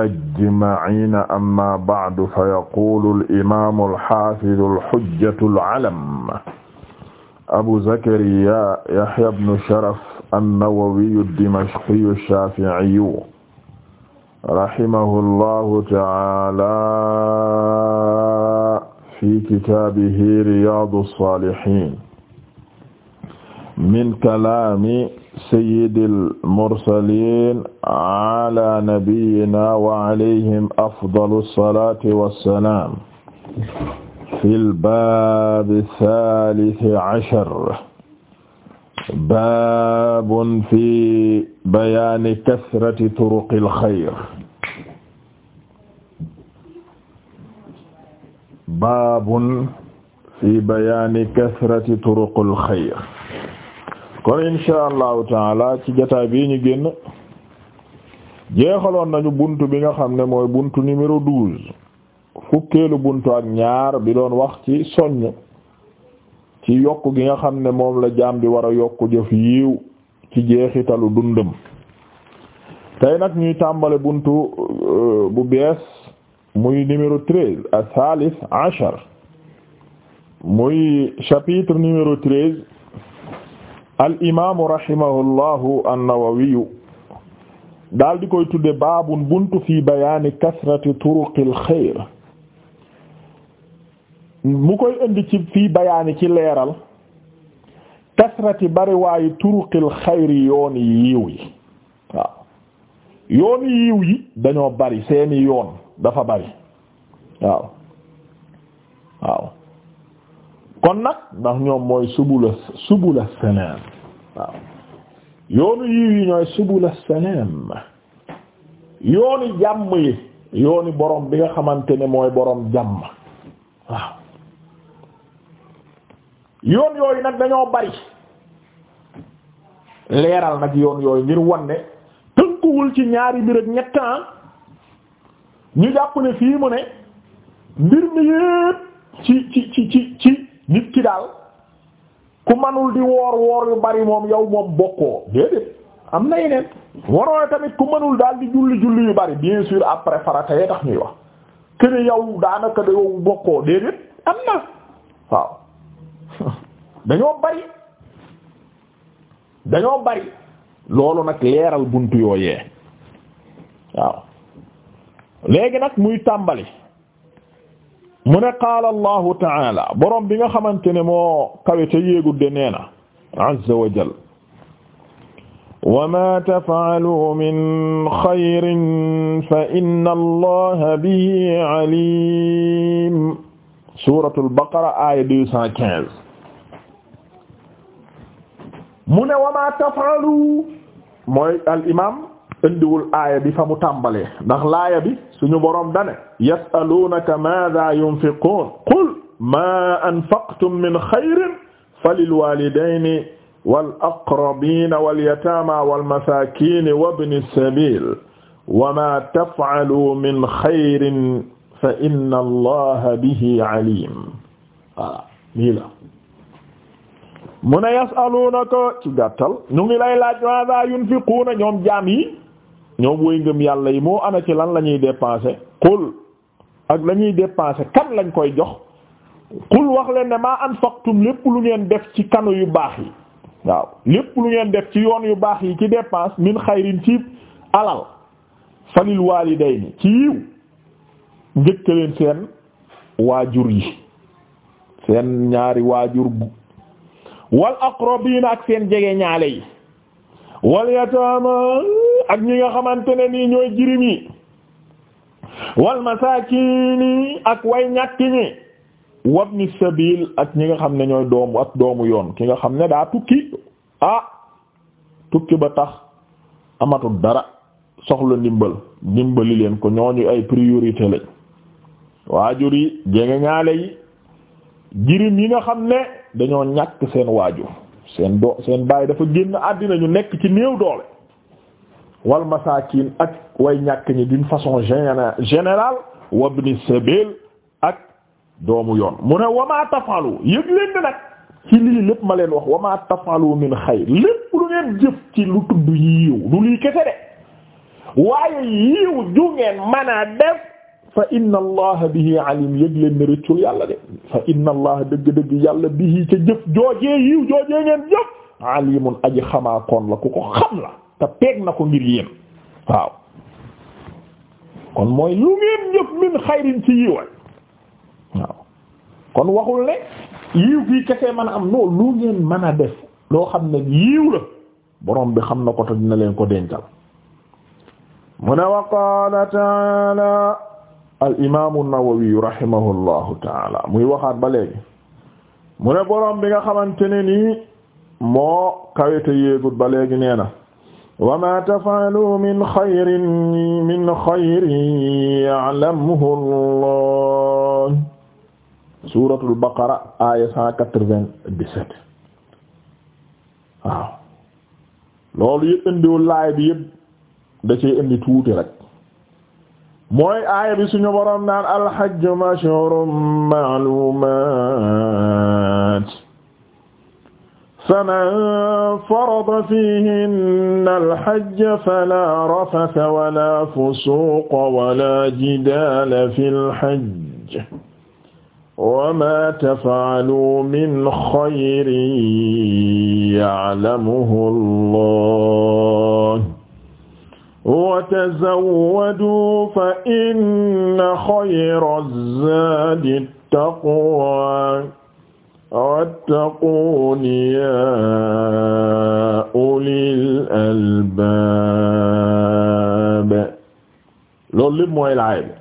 ajmaciina amma bacdu fa yaquulu alimaamu alxaafidu alxujjatu alalam abu zakariya yaxya bnu sharaf annawawiyu dimashqiyu shaaficiyu rahimahu allahu taala fi kitaabihi riyaadu saalihiin min kalaami sayyidil mursaliin ala nabiyyina wa alayhim afdalu salaati wa salaam fil baabi saalisi cashar baabun fi bayaani kasrati turuqil xayr baabun fi bayaani kasrati turuqil xayr kon insha allahu taala ci jataay bii ñu génn jeexaloon nañu buntu bi nga xam ne mooy buntu numéro douze fukkeelu buntu ak ñaar bi doon wax ci soññ ci yokk gi nga xam ne moom la jaam bi war a yokk jëf yiiw ci jeexitalu dundam tey nag ñuy tàmbale buntu euh, bu bees muy numéro treize a thalith ashar muy chapitre numéro treize al imaamu rahimahullahu an-Nawawiyu daal di koy tudde baabun buntu fi bayaani kasrati turuqil xayr mu koy indi ci fii bayaani ci leeral kasrati bari waayu turuqil xayri yoon yi yi waaw yoon yiw yi dañoo bari seeni yoon dafa bari waaw waaw kon nag ndax ñoom mooy subula subula salam waaw yoonu yiw yi ñooy subula salam yooni jàmm yi yooni boroom bi nga xamante ne mooy borom jàmm waaw yoon yooyu nag dañoo bari leeral nag yoon yooyu ngir wan ne tënkuwul ci ñaari mbir ak ñett ah. ñu jàpp ne fii mu ne mbir mi yépp ci ci ci ci ci nit ki daal ku manul di woor woor yu bari moom yow moom bokkoo déedéet am na yeneen waroo tamit ku manul daal di julli julli yu bari bien sûr après farata yee tax ñuy wax kene yow daanaka da yow bokkoo déedéet am na waaw dañoo bari dañoo bari loolu nag leeral buntu yooyee waaw léegi nag muy tàmbali mu ne qaala allahu taala borom bi nga xamante ne moo kawe te yéegudde nee na azza wa jal wa ma tafaalu min xayrin fa inna allaha bihi alim suratu albaqara aya deux cent quinze mu ne wa ma tafaalu mooy al imam indiwul aaya bi fa mu tàmbalee ndax laaya bi suñu boroom dane yasaluunaka maada yunfiqun qul ma anfaqtum min xayrin falilwalidaini wal aqrabina walyatama walmasakini wabni sabil wama tafaalu min xayrin fa inna allaha bihi alim voilà lii la mu ne yasaluunaka ci gàttal ñu ngi lay laaj maada yunfiquuna ñoom jaam yi ñoom woy ngëm yàlla yi moo ana ci lan la ñuy dépenser qul ak la ñuy dépenser kan lañ koy jox qul wax leen ne maa anfaqtum lépp lu ngeen def ci kanu yu baax yi waaw lépp lu ngeen def ci yoon yu baax yi ci dépense min xayrin ci alal falil walidayni ci yiw njëkk leen seen waajur yi seen ñaari waajur bu wal aqrabina ak seen jege ñaale yi wal yataama ak ñi nga xamante ne nii ñooy jirim yi wal masaakiini ak way ñàkk ñi wabni sabil ak ñi nga xam ne ñooy doomu ak doomu yoon ki nga xam ne daa tukki ah tukki ba tax amatu dara soxla ndimbal ndimbali leen ko ñooñu ay priorité lañ waajur yi jege ñaale yi jirim yi nga xam ne dañoo ñàkk seen waajur seen doo seen baay dafa génn àddina ñu nekk ci néew doole wal masaakin ak way ñàkk ñi d'une façon générale wabni sabil ak doomu yoon mu ne wamaa tafalu yëg leen di nag ci lii lépp ma leen wax wamaa tafalu min xayr lépp lu ngeen jëf ci lu tudd yiiw du lii kese de waaye yiiw ju ngeen mën def fa inna allaha bihi alim yëg leen ne rëccul yàlla de fa inna allaha dëgg-dëgg yàlla bihi ca jëf joojee yiw joojee ngeen jëf alimun aji xamaa koon la ku ko xam la te peeg na ko ngir yéen waaw kon mooy lu ngeen jëf min xayrin ci yiwal waaw kon waxul ne yiw fii kese mën a am noo lu ngeen mën a def loo xam ne yiw la borom bi xam na ko te dina leen ko dencal mu ne wa qaala ta'ala al imaamu nawawi rahimahullahu taala muy waxaat ba léegi mu ne boroom bi nga xamante ne nii moo kawete yéegut ba léegi nee na wa ma tafaalu min xayrin min xayrin ya'lamuhu allah suuratul baqara aaya cent quatre-vingt-dix-sept waaw loolu yëpp indiwul laay bi yëpp da cee indi tuuti rek mooy aaya bi suñu borom naan alhajju mashhurum ma'lumat faman farada fihinna alhajja fala rafata wala fusuqa wala jidala fil hajj wama taf'alu min khayrin ya'lamuhu Allah watazawwadu fa inna xayra zaadi taqwa wattaquuni yaa ulil albaab loolu lépp mooy laay bi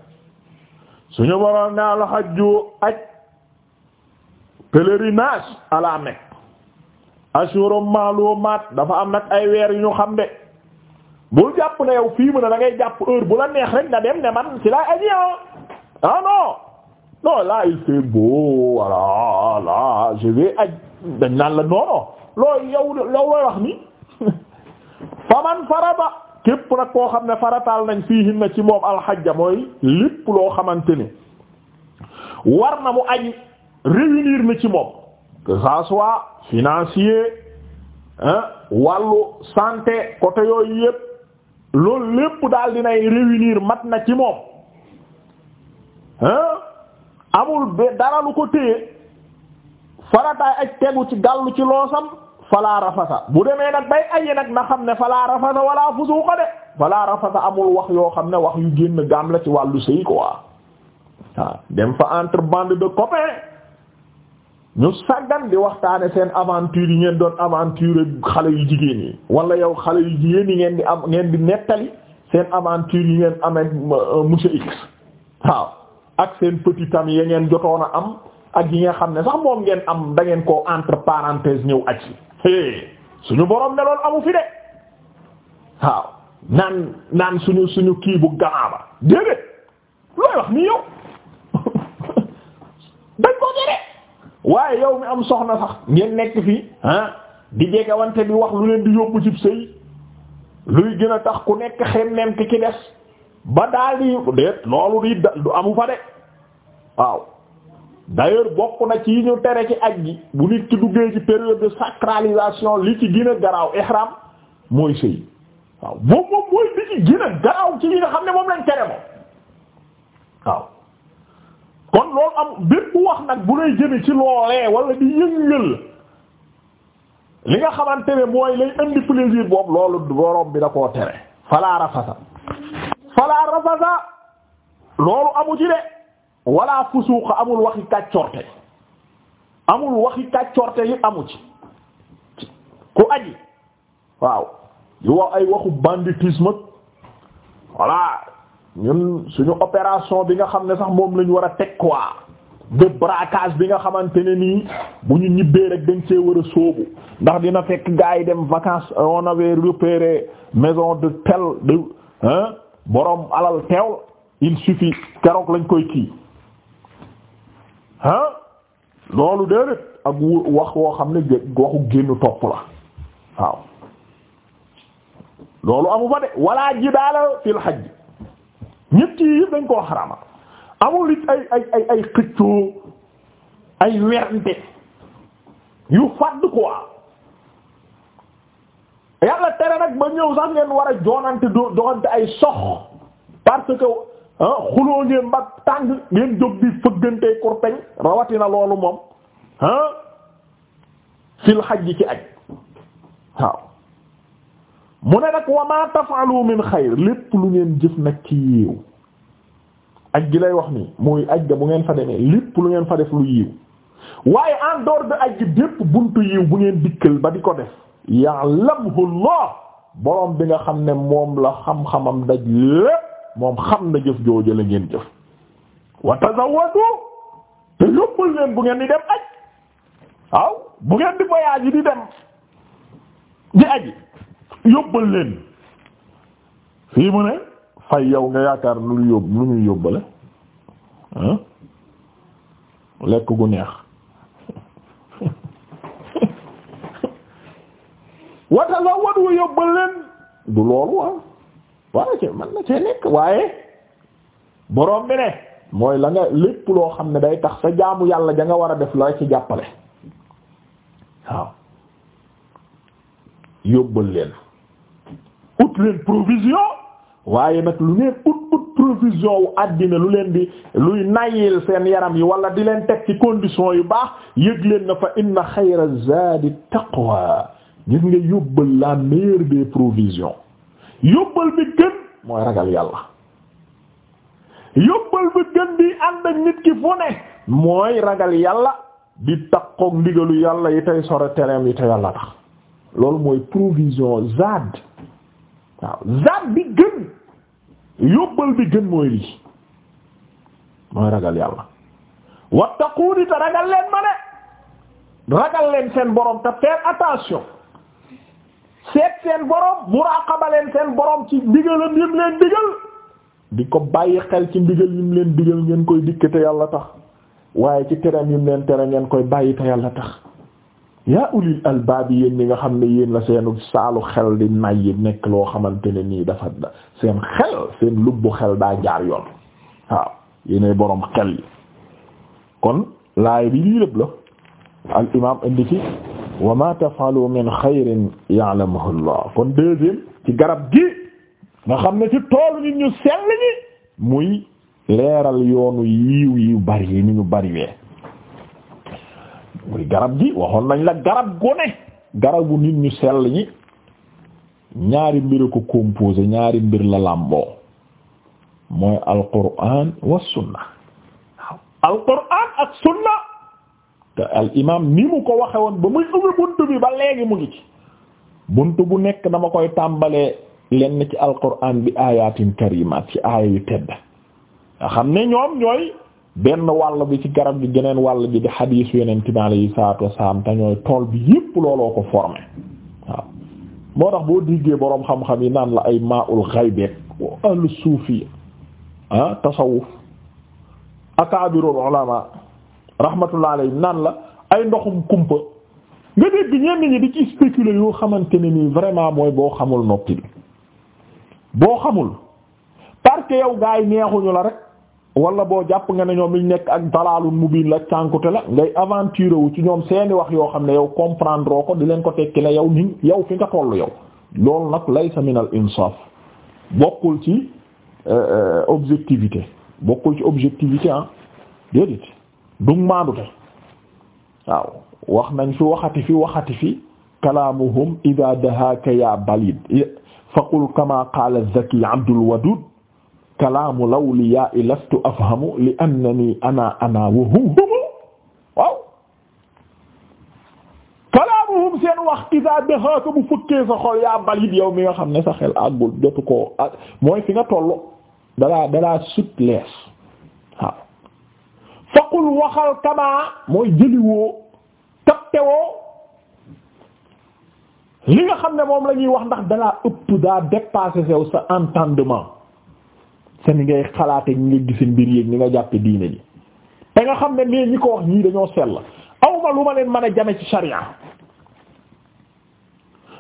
suñu boroom ne alxajju aj pèlerinage à la Mecque ashurun maalumaat dafa am nag ay weer yu ñu xam de bul jàpp ne yow fii mu ne da ngay jàpp heure bu la neex rek nga dem ne man ci laa aji ah. ah non non là il fait beau voilà là je vais aj dañ naan la noono loolu yow low looy wax ni faman faraba képp nag koo xam ne farataal nañ fii hin na ci moom alxajja mooy lépp loo xamante ni war na mu aji réunir na ci moom que ça soit financier hein wàllu santé côté yooyu yépp loolu lépp daal dinay réunir mat na ci moom amul ba dara lu ko téye farataay ak tegu ci gàllu ci loosam falaa rafasa bu demee nag bay ayi nag na xam ne falaa rafasa wala fusuuqa de falaa rafasa amul wax yoo xam ne wax yu génn gaam la ci wàllu sëy quoi waa dem fa entre bande de copains ñu sàggan di waxtaane seen aventure yi ngeen doon aventure xale yu jigéen yi wala yow xale yu jigéen yi ngeen di am ngeen di nettali seen aventure yi ngeen amee monsieur X waaw ak seen petit tam ya ngeen jotoon a am ak yi nga xam ne sax moom ngeen am dangeen ko entre parenthèses ñëw aj si suñu borom ne loolu amu fi de waaw naan naan suñu suñu kii bu ganaaba déedéet looy wax nii yow dañ koo jëlee. waaye yow mi am soxna sax ngeen nekk fii ah di jegewante bi wax lu leen di yóbbu cib sëy luy gën a tax ku nekk xemmeem ki ki des ba daal di déet loolu di du amu fa de waaw d'ailleurs bokk na ci ñu tere ci ak gi bu nit ki duggee ci période de sacralisation li ci gën a garaaw ihram mooy sëy waaw moom mooy li ci gën a garaaw ci li nga xam ne moom lañ tere moom waaw kon loolu am bépp wax nag bu lay jëme ci loolee wala di yëngal li nga xamante ne mooy lay indi plaisir boobu loolu borom bi da koo tere falaa rafasa falaa rafasa loolu amu ci de wala fusuuqa amul waxi kàccorte amul waxi kàccorte yi amu ci ku aji waaw yu wax ay waxu banditisme voilà ñun suñu opération bi nga xam ne sax moom lañu war a teg quoi de braquage bi nga xamante ne nii bu ñu ñibbee rek dañ cee war a sóobu ndax dina fekk gars yi dem vacances on avait repéré maison de tel de hein boroom alal teew il suffit keroog lañ koy kii ah loolu déedéet ak wax woo xam ne waxu génn topp la waaw loolu amu fa de wala jidaala fil hajj ñett yi yëpp dañ koo xarama amul it ay ay ay xëccoo ay werante yu fàdd quoi yàlla tere nag ba ñëw sax ngeen war a joonante doxante ay sox parce que ah, xuloo ngeen ba tàng ngeen jóg di fëggante kurpeñ rawatina loolu moom ah fil xaj ci aj waaw mu ne nag wa ma tafaalu min xayr lépp lu ngeen jëf nag ci yiiw aj gi lay wax nii muy aj ga bu ngeen fa demee lépp lu ngeen fa def lu yiiw waaye en dehors aj gi bépp buntu yiiw bu ngeen dikkal ba di ko def ya'lamhu Allah boroom bi nga xam ne moom la xam-xamam daj lépp moom xam na jëf jooju la ngeen jëf wa te yóbbul leen bu ngeen di dem aj waaw bu ngeen di voyage yi di dem di aji yóbbal leen fii mu ne fay yow nga yaakaar lu ñu yóbbu lu yóbbale lekk gu neex wata la wat wa yóbbal leen du loolu ah. waaw waaye ci man na cee nekk waaye boroom bi ne mooy la nga lépp loo xam ne day tax sa jaamu yàlla ja nga war a def la ci jàppale waaw yóbbal leen ut leen provision waaye nag lu ngeen ut ut provision wu àddina lu leen di luy nayil seen yaram yi wala di leen teg ci condition yu baax yëg leen na fa inna xayra zaadi taqwa gis nga yóbbal la meilleure des provisions yóbbal bi gën mooy ragal yàlla yóbbal bi gën di ànd ak nit ki fu ne mooy ragal yàlla di takkook ndigalu yàlla yi tey soro tereem yi te yàlla tax loolu mooy provision zaad waaw zaat bi gën yóbbal bi gën mooy lii mooy ragal yàlla wattaquuni te ragal leen ma ne ragal leen seen borom te faire attention seet seen borom muraqaba leen seen borom ci ndigalam yim leen digal di ko bàyyi xel ci ndigal yim leen digal ngeen koy dikkate yàlla tax waaye ci tereem yim leen tere ngeen koy bàyyi te yàlla tax yaa ulil albaab yéen nga xam ne yéen la seenu saalu xel di nay nekk loo xamante ne nii dafa seen xel seen lubbu xel daa jaar yoon waaw yéenay boroom xel yi kon laay bi lii lépp la al imaam indi ci wa ma tafaalu min xayrin ya'lamuhu Allah kon deuxième ci garab gi nga xam ne ci toolu nit ñu sell ñi muy leeral yoonu yiiw yu bari yi ñu bari wee muy garab gi waxoon nañ la garab gone garabu nit ñu sell ñi ñaari mbir ko composé ñaari mbir la làmboo mooy alquran wa sunna waaw alquran ak sunna te al imam ni mu ko waxe woon ba muy ubbi bunt bi ba léegi mu ngi bunt bu nekk dama koy tàmbalee lenn ci alquran bi ayatin karimat ci aaya yu tedd nga xam ne ñoom ñooy benn wàll bi ci garab gi geneen wàll bi di xadiis yonent bi alayhi salaatu wassalaam te ñooy tool bi yépp looloo ko formé waaw moo tax boo déggee boroom xam-xam yi naan la ay maa-ul xaybeek ahlu ah, naan la ay ndoxum kumpa nga dégg ñenn ñi di ci spéculer yoo xamante ne nii vraiment mooy boo xamul noppi bi boo xamul parce que yow gaa yi neexuñu la rek wala boo jàpp nga ne ñoom liñ nekk ak dalaalul mubiin la cànkute la ngay aventure wu ci ñoom seeni wax yoo xam ne yow comprendre ko di leen ko tekki la yow ni yow fi nga toll yow loolu nag laysa min al insaf bokkul ci euh, euh, objectivité bokkul ci objectivité ah déedéet du maandute waaw wax nañ fi waxati fi waxati fi kalaamuhum ida dahaka ya balid faqul kama qaala zaki abdul wadud kalaamu lawliyaa lastu afhamu li annani ana ana wa hum hum waaw kalaamuhum seen wax isaa daxaaka bu fëkkee sa xol yaa balit yow mi nga xam ne sa xel àggul jotu koo ak ah, mooy fi nga tollu dalaa dalaa sut lees waaw waxal kamaa mooy jëliwoo taptewoo li nga xam ne moom la ñuy wax ndax dalaa ëpp daa dépasser sew sa entendement sa ni ngay xalaate ñi nga gisi mbir yéeg ñi nga jàppe diine ji te nga xam ne mais ñi ko wax ñii dañoo sell awma lu ma leen mën a jame ci sharia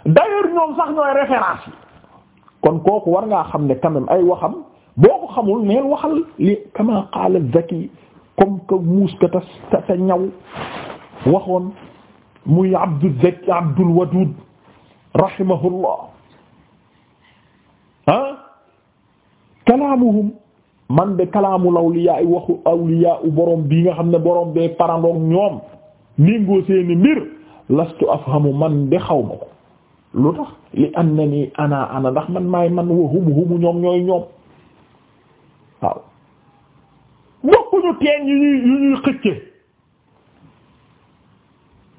d'ailleurs ñoom sax ñooy référence kon kooku war ngaa xam ne quand ay waxam boo ko xamul neen waxal li kama qaala Zaki comme que muus ka ta ñaw waxoon muy Abdul Zaki Abdul Wadud rahimahullah kalaamuhum man de kalaamu lawliyaa i waxu awliyaa u borom bii nga xam ne borom bee parandoog ñoom ningoo seeni mbir lastu afhamu man de xaw ma ko lu tax li annani ana ana ndax man maay man wa humu humu ñoom ñooy ñoom waaw bokkuñu teen yu ñuy xëcce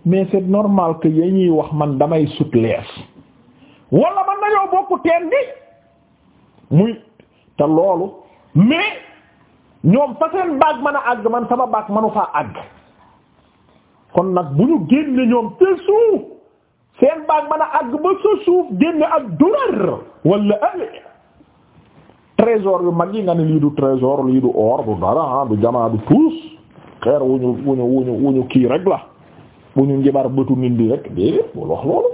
mais c'est normal que ya ñuy wax man damay sut lees wala man nañoo bokku teen bi muy te loolu mais ñoom fa seen baag mën a àgg man sama baag manu faa àgg kon nag bu ñu génne ñoom te suuf seen baag mën a àgg ba sa suuf génne ak dollar wala ale trésor yu mag yi nga ne lii du trésor lii du or du dara ah, du jamaa du tuus xeer wu ñu wu ñu wu ñu wu ñu kii rek la bu ñu njibar bëtu nit di rek déedéet bu wax loolu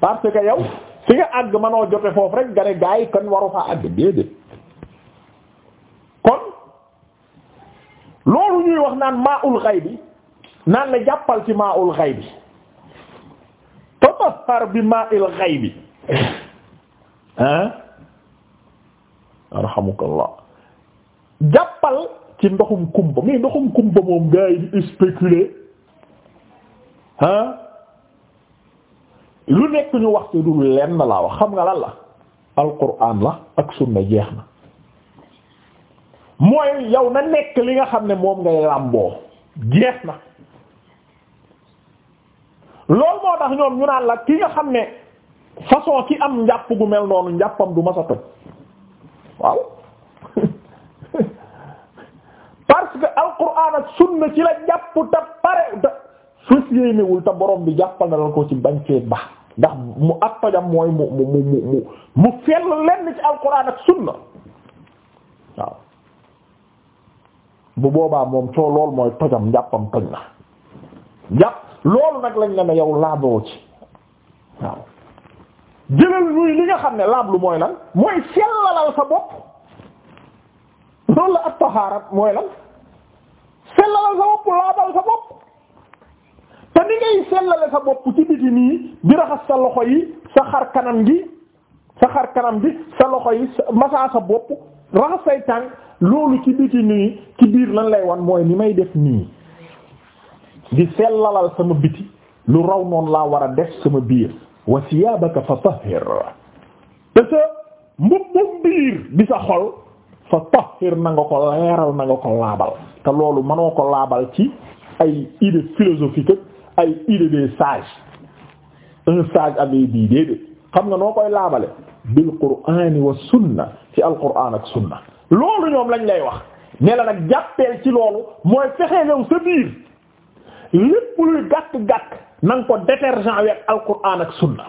parce que yow fi nga àgg manoo jote foofu rek nga ne gaa yi kon waru faa àgg déedéet kon loolu ñuy wax naan maa ul ghaybi naan la jàppal ci maa ul ghaybi tatahhar bi maa il ghaybi ah arhamukallah jàppal ci ndoxum kumba mais ndoxum kumba moom gars yi di lu nekk ñu wax ci dul lenn laa wax xam nga lan la alquran la ak sunna jeex na mooy yow na nekk li nga xam ne moom ngay làmboo jeex na loolu moo tax ñoom ñu naan la ki nga xam ne façon ki am njàpp gu mel noonu njàppam du masa toj waaw parce que alquran ak sunna ci la jàpp te pare te te borom bi jàppal na la ko ci bañ cee ba ndax mu ak tojam mooy mu mu mu mu mu fell lenn ci alquran ak sunna waaw bu boobaa moom coo lool mooy tojam njàppam toj na njàpp loolu nag lañ la ne yow laaboo ci waaw jëlal ñuy li nga xam ne lu mooy lan mooy sellalal sa bopp loolu la ak taxaarat mooy lan sellalal sa bopp laabal sa bopp te ni ngay sellale sa bopp ci biti nii di raxas sa loxo yi sa xar kanam gi sa xar kanam gi sa loxo yi massa sa bopp raxas say tànk loolu ci biti nii ci biir lan lay wan mooy li may def nii di sellalal sama biti lu raw noonu laa war a def sama biir wa siyaabaka fa tahir te sa mbubbum biir di sa xol fa tahir na ko leeral na ko laabal te loolu mënoo ko laabal ci ay idée philosophique ay idée des sages un sage avait dit déedéet xam nga noo koy laabale bil qur'ani wa sunna ci al qur'an ak sunna loolu ñoom lañ lay wax ne la nag jàppeel ci loolu mooy fexe yow sa biir lépp luy gàkk-gàkk na nga ko détergent wet alquran ak sunna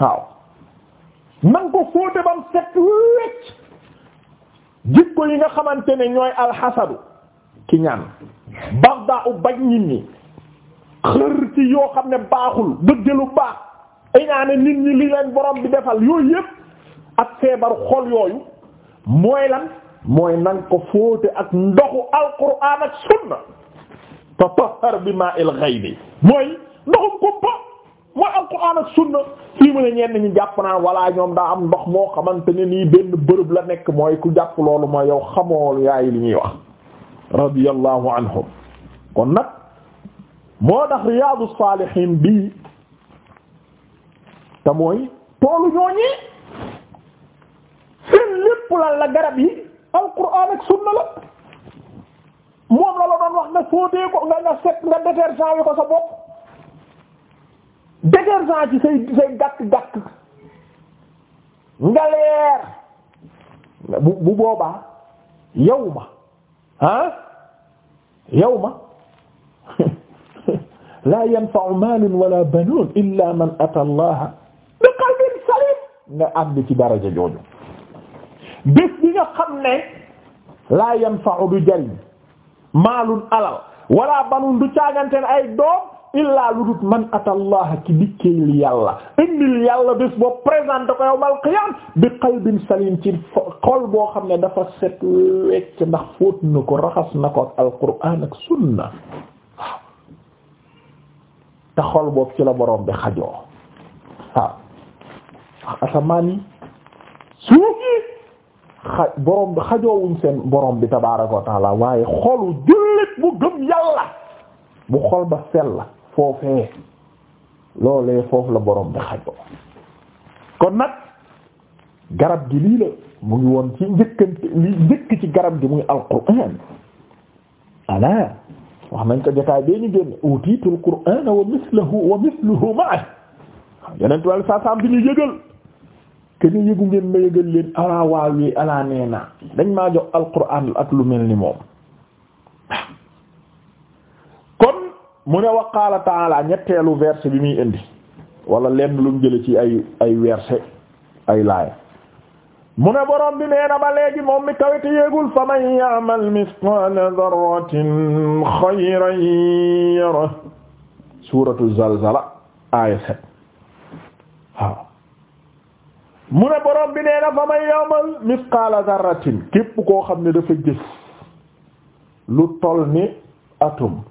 waaw na ko fóote bam set wecc jikko yi nga xamante ne ñooy alxasadu ki ñaan baxda u bañ nit ñi xër ci yoo xam ne baaxul bëgg lu baax inaane nit ñi li leen borom bi defal yooyu yépp ak feebaru xol yooyu mooy lan mooy nang ko foote ak ndoxu alquran ak sunna tatahhar bi ma'il ghaybi mooy ndoxum kumpa mooy alquran ak sunna fii mu ne ñenn ñi jàpp naa walla ñoom daa am ndox moo xamante ne nii benn bërëb la nekk mooy ku jàpp loolu mooy yow xamool yaay li ñuy wax anhum kon nag moo tax Riyadus Salihin bii te mooy toolu ñooñee seen lépp lan la garab yi alquran ak sunna la moom la la doon wax nga fóotee ko nga nga set nga détergent wi ko sa bopp détergent ci say say gàkk nga leer bu bu boobaa yow ma ah yow ma laa yanfa'u maalun wala banuun illa man ata allaha bi qalbin salim nga àgg ci daraja jooju bés bi nga xam ne laa yanfa'u du jariñ maalun alal wala banun du caaganteen ay doom illaa lu dut man atallaha ki dikkeel yàlla indil yàlla bés boo présenté ko yawmal qiyaam bi qalbin salim ci xol boo xam ne dafa set wecc ndax fóot na ko raxas na ko ak alquraan ak sunna te xol boobu ci la boroom bi xajoo waaw asamaan xa borom bi xajoowuñ seen borom bi tabaaraka wa taala waaye xolu jullit bu gëm yàlla bu xol ba sell foofee loolee foofu la borom bi xajoo kon nag garab gi lii la mu ngi woon ci njëkkante njëkk ci garab gi muy alquraan ala wax nañ ko jotaay bee ñu génn utiitul qur'ana wa mislahu wa misluhu ma'a yeneen tuwal saa saam bi ñu yëgal que ni yëgu ngeen ma yëgal leen ala waaw yi ala nee naa dañ maa jox alquran lu mel ni moom kon mu ne wa qaala taala ñetteelu verset bi muy indi wala lenn lu mu ci ay ay verset ay laaya mu ne borom bi nee na ba léegi moom mi kawite yéegul fa man ya'mal mithqala dharratin khayran yara suratu zalzala aya 7 mu ne borom bi nee na fa may yawmal misqaala zarratin képp koo xam ne dafa jëf lu tol ni atum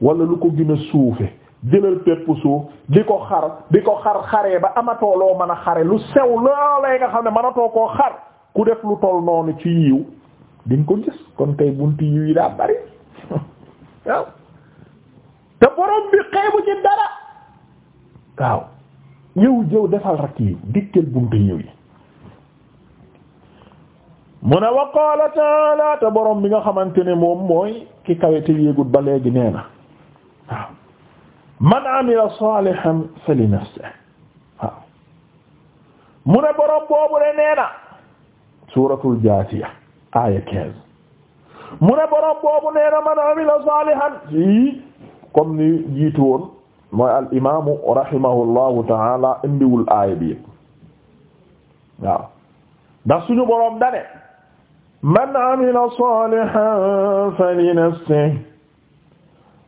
wala lu ko gën a suufe jëlal pepp suuf di ko xar di ko xar xaree ba amatoo loo mën a xare lu sew loolee nga xam ne mënatoo koo xar ku def lu toll noonu ci yiw di nga ko gis kon kay bunti yiw yi daa bari te borom bi xeebu ci dara waaw ñëw jëw defal rakk yi dikkal buntu ñëw yi mu ne wa qaala taala te borom bi nga xamante ne moom mooy ki kawe te ba léegi nee man amila salihan fa li mu ne borom boobu de nee suuratul jaasiya aaya 15 mu ne borom boobu nee man amila salihan si comme ni jiitu woon mooy al imaamu rahimahullahu taala indiwul aaya bi yëpp waaw ndax suñu boroom dane man amila salihan fali nafsihi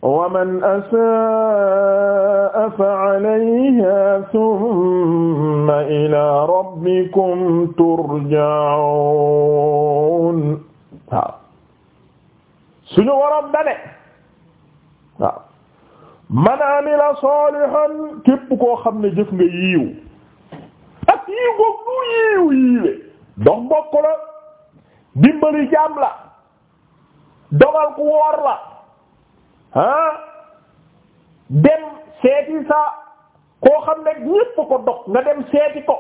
wa man asaa fa alayha thumma ila rabbikum turja'un waaw suñu boroom dane waaw man amila salihan képp koo xam ne jëf nga yiiw ak yiiw goog lu yiiw yiiwe dox mbokk la dimbali jaam la dogal ku woor la ah dem seeti sa koo xam ne ñépp ko dox nga dem seeti ko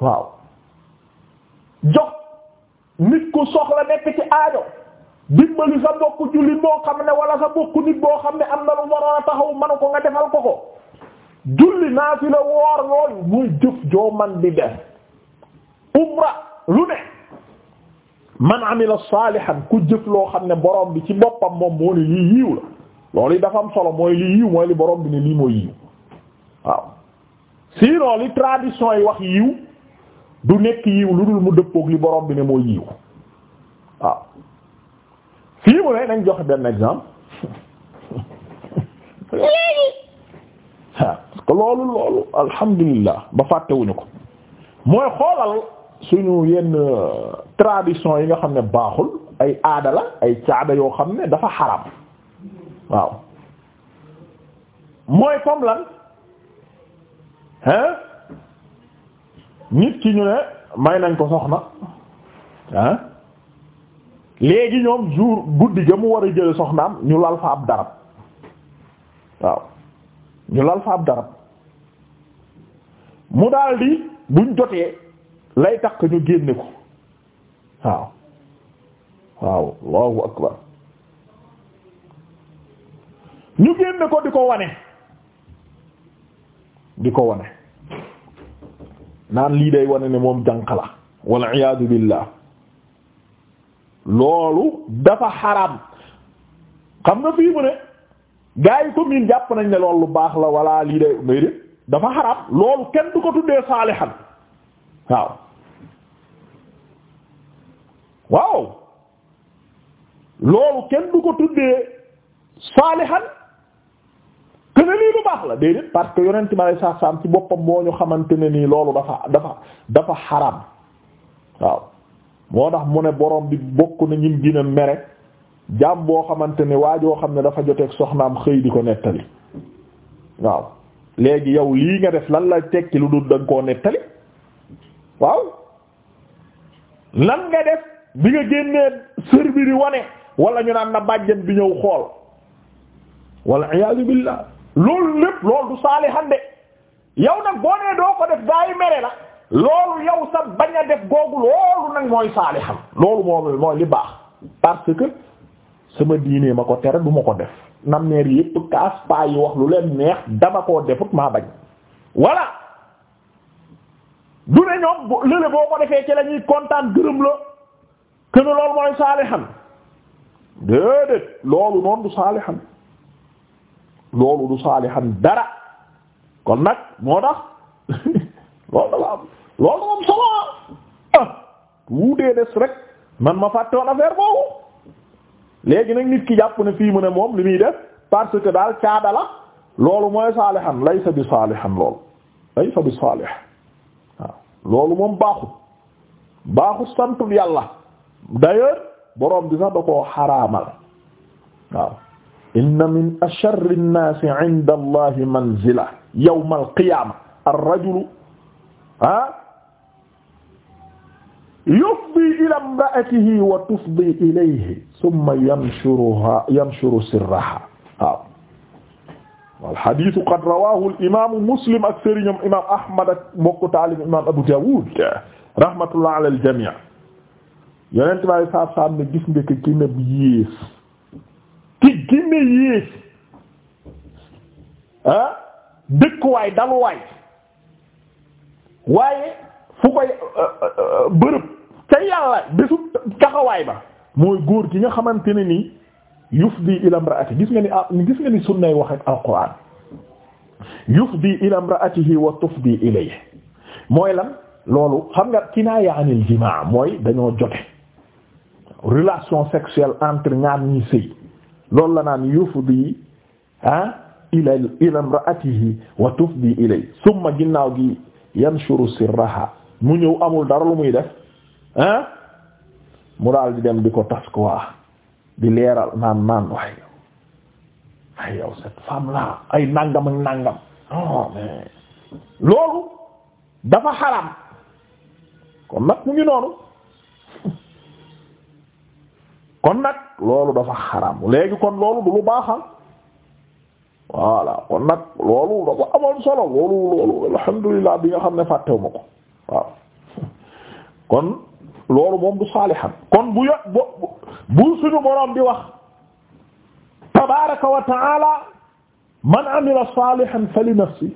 waaw jox nit ku soxla nekk ci aajo dimbali sa bokk jullit boo xam ne wala sa bokk nit boo xam ne am na ma waroon a taxaw manu ko nga defal ko ko julli naa fi la woor yooyu muy jëf joo man di def umra lu ne man amila saalihan ku jëf loo xam ne borom bi ci boppam moom moo ne lii yiiw la loolu yi dafa am solo mooy lii yiiw mooy li borom bi ne lii mooy yiiw waaw sinon li tradition yi wax yiiw du nekk yiiw lu dul mu dëppook li borom bi ne mooy yiiw waaw kii mu ne nañ joxe benn exemple léegi parce que loolu loolu alhamdulillah ba fàttewuñu ko mooy xoolal suñu yenn euh, tradition yi nga xam ne baaxul ay aada la ay caada yoo xam ne dafa xaram waaw mooy comme lan hein nit ki ñu ne may nañ ko soxna léegi ñoom jour guddi ga mu war a jële soxnaam ñu lal fa ab darab waaw ñu lal fa ab darab mu daldi buñ jotee lay takk ñu génne ko waaw waaw allahu akbar ñu génne ko di ko wane di ko wone naan lii day wane ne moom jànq la wal iyaadu billah loolu dafa xaraam xam nga fii mu ne gars yi ko miin jàpp nañ ne loolu lu baax la walla lii de may de dafa xaraam loolu kenn du ko tuddee saalihan waaw waaw loolu kenn du ko tuddee saalihan te lii lu baax la déedéet parce que yonent ma lay sax ci boppam moo ñu xamante ne nii loolu dafa dafa dafa xaraam waaw moo tax mu ne borom bi bokk nañu ñim gën mere jaam boo xamante ne joo xam ne dafa joteeg soxnaam xëy di ko nettali waaw léegi yow lii nga def lan la tekki lu dul da koo nettali waaw lan nga def bi nga génnee sër bi di wane wala ñu naan na bàjjan bi ñëw xool wala iyaadu billah loolu lépp loolu du saalihan de yow nag boo nee doo ko def gaa yi mere la loolu yaw sa bañ a def googu loolu nag mooy saalixam loolu moom mooy li baax parce que sama diine ma ko tere du ma ko def nam neer yépp kaas paa yi wax lu leen neex dama koo defut maa bañ voilà du ne ñoom lële boo ko defee ci ñuy kontaan gërëm la kën loolu loolu du saalixam dara kon nag moo tax loolu dafa am loolu moom solo ah wuutee des man ma fàtte woon affaire léegi nag nit ki jàpp ne fii mu ne moom li muy def parce que daal caada la loolu mooy saalihan laysa bi saalihan loolu laysa bi saalih waaw loolu moom baaxut yàlla d'ailleurs boroom bi sax da koo xaraamal waaw inna min acharri nnaasi inda allahi manzila yawma alqiyama ar rajulu ah yufdi ila imraatihi wa tufdi ilayhi summa yanshuruha yanshuru sirraha waaw wal hadiisu qad rawaahu imaamu muslim ak sëriñam imaam Ahmad ak mbokku taalim imaam Abu Daawuud rahmatullah ala al jamii yonent bi alayhi salaatu salaam ne gis nga ki gën a yées ki gën a yées ah dëkkuwaay daluwaay waaye fu koy ah, ah, ah, bërëb ca yàlla bésu taxawaay ba mooy góor gi nga xamante ne ni yufdi ila imraati gis nga ni ah gis nga ni sunnay wax ak alquran yufdi ila imraatihi wa tufdi ilayhi mooy lan loolu xam nga kinaaya anil jimaa mooy dañoo jote relation sexuelle entre ñaar ñi sëy loolu la naan yufdi ah ila ila imraatihi wa tufdi ilayhi summa ginnaaw gi yanshuru sirraha mu ñëw amul dara lu muy def ah mu daal di dem di ko tas quoi di leeral naan naan waaye yow waaye yow cette ay nàngam ak nàngam oh, loolu dafa xaram kon nag mu ngi noonu kon nag loolu dafa xaram léegi kon loolu du lu baaxal ah. voilà kon nag loolu dafa amoon solo loolu loolu alhamdulilah bi nga xam ne fàttewu ko kon loolu moom du saalihan kon bu yot bu bu suñu boroom di wax tabaraka wa taala man amila saalihan fa li nafsi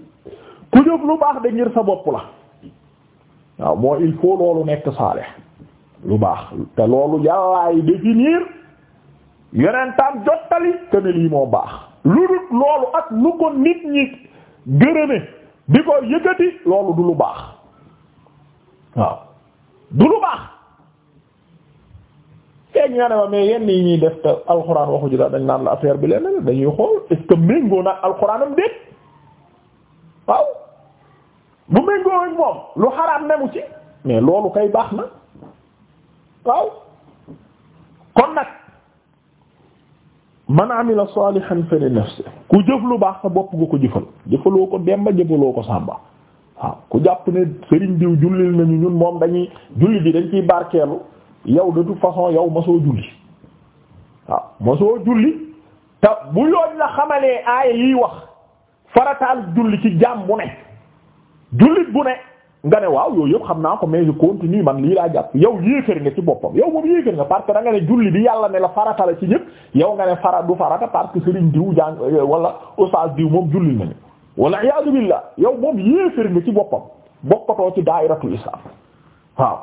ku jëf lu baax de ngir sa bopp la waaw moo il faut loolu nekk saalih lu baax te loolu yàllaay définir yonentam jottali te lii moo baax lu dul loolu ak lu ko nit ñi gërëme di ko yëkkati loolu du lu baax waaw du lu baax léegi nga ne ma mais yenn yi ñuy def te alxuraan waxu la dañ naan la affaire bi lenn dañuy xool est-ce que méngoo na alxuraanam déet waaw bu méngoo ak moom lu xaraam nemu ci mais loolu kay baax na waaw kon nag man amila salihan fa li nafsi ku jëf lu baax sa bopp nga ko jëfal jëfaloo ko demba jëfaloo ko sàmba waaw ku jàpp ne sëriñ diw jullil nañu ñun moom dañuy julli bi dañ ciy barkeelu yow de toute façon yow mosoo julli waaw mosoo julli te bu yoon la xamalee aaya yiy wax farataal julli ci jaam bu ne jullit bu ne nga ne waaw yooyu yëpp xam naa ko mais je continue man lii laa jàpp yow yéeféer nga ci boppam yow moom yéeféer nga parce que da nga ne julli bi yàlla ne la farata ci ñëpp yow nga ne fara du farata parce que Serigne diw jàng wala oustaz diw moom julli nañu wala iyaadu billah yow moom yéeféer nga ci boppam bokkatoo ci daayiratul islam waaw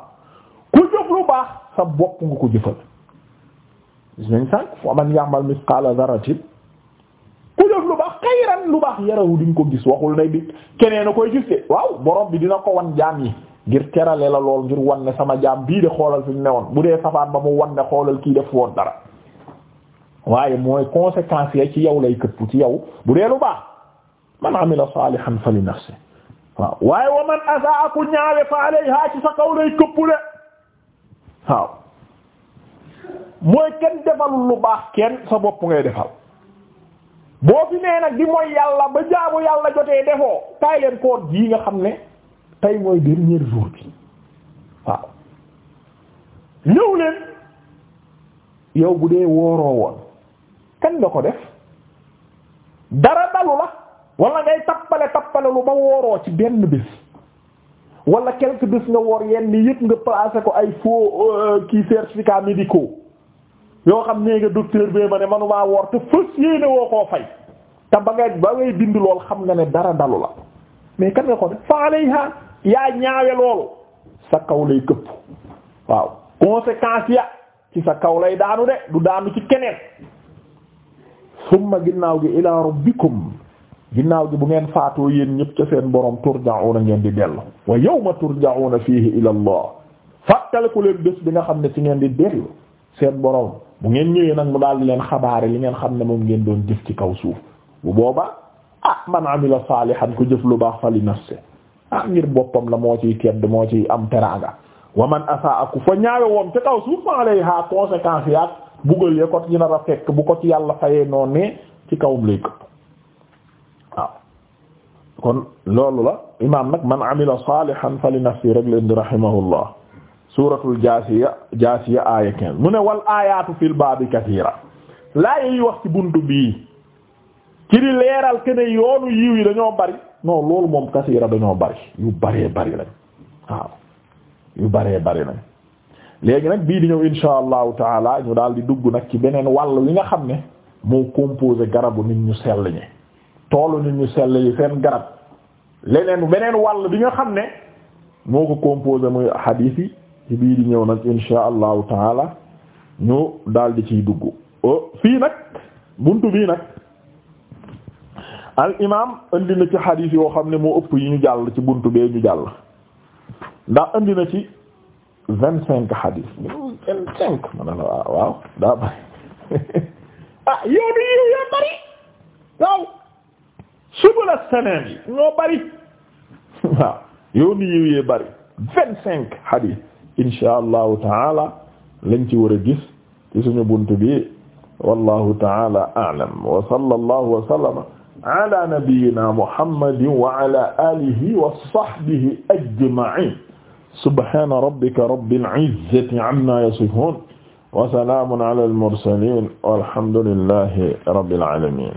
ku jëf lu baax sa bopp nga ko jëfal gis nañ sànq wa man ya'mal misqala dharratin ku jëf lu baax xayran lu baax yarawu di ko gis waxul nay keneen a koy gis de waaw borom bi dina ko wan jaam yi ngir terale la lool ngir wan ne sama jaam bii de xoolal fi mu newoon bu dee safaan ba mu wan ne xoolal kii def woon dara waaye mooy conséquences ya ci yow lay këpp ci yow bu dee lu baax man amila salihan fali nafsi waaw waaye wa man asaa ku ñaawe fa lay këpp de waaw mooy kenn defalul lu baax kenn sa bopp ngay defal boo fi nee nag di mooy yàlla ba jaamu yàlla jotee defoo tay leen koor jii nga xam ne tey mooy dernier jour bi ñëw leen yow bu dee wooroo woon kan nga ko def dara dalu la wala ngay tappale tappale lu ba wooroo ci benn bés wala quelque bés nga woor yenn yëpp nga placé ko ay faux euh, kii certificat médicaux yoo xam ne docteur bee ma ne manumaa woor te fës yéene woo koo fay te ba ngay ba ngay bind lool xam nga ne dara dalu la mais kan nga ko def fa yaa ñaawe loolu sa kaw lay këpp waaw conséquence ya ci sa kaw lay daanu de du daanu ci keneen summa ginnaaw gi ila rabbikum ginnaaw gi bu ngeen faatoo yéen ñëpp ca seen borom turja'una ngeen di dellu wa yawma turja'una fiihi ila Allah fàttaliku leen bés bi nga xam ne ci ngeen di dellu seen borom bu ngeen ñëwee nag mu daal di leen xabaare li ngeen xam ne moom ngeen doon jëf ci kaw suuf bu boobaa ah man amila saalihan ku jëf lu baax fa li nafsi ah ngir boppam la moo ciy tedd moo ciy am teraanga wa man asaa ku fa ñaawe woon ca kaw suuf fa alayha conséquence yaak bugal ya ko ci nar a bu ko ci yàlla fayee noonu ci kawum lay kon loolu la imaam nag man amila salihan fali nafsi rek la indi rahimahullah suratul jaasiya jaasiya aaya quinze mu ne wal aayaatu fil baabi kasiira laa yi wax ci buntu bii ci di leeral ke ne yoonu yiw yi dañoo bari non loolu moom kasiira dañoo bari yu baree bari lañ waaw yu baree bari lañ léegi nag bii di ñëw insha allahu taala ñu daal di dugg nag ci beneen wàll wi nga xam ne moo composé garabu nit ñu sell ñi toolu nit ñu sell yi seen garab leneen beneen wàll bi nga xam ne moo ko composé muy hadith yi ci bii di ñëw nag insha allahu taala ñu daal di ciy dugg fii nag buntu bii nag al imam indi na ci hadith yoo xam ne moo ëpp yi ñu jàll ci buntu bee ñu jàll ndax indi na ci vingt cinq hadith vingt cinq ma ne la waaw daa bari ah yow di bari waaw subul as-salam yi ñoo bari waaw yow ni yiw yee bari vingt cinq hadith insha allahu taala lañ ci war a gis ci suñu bunt bi wallahu taala a'lam wa sallallahu wa sallama ala nabiyyina muhammadin wa ala alihi wa sahbihi ajma'in subhana rabbika rabbil izzati amma yasifun wa salamun ala al-mursalin walhamdulillahi rabbil alamin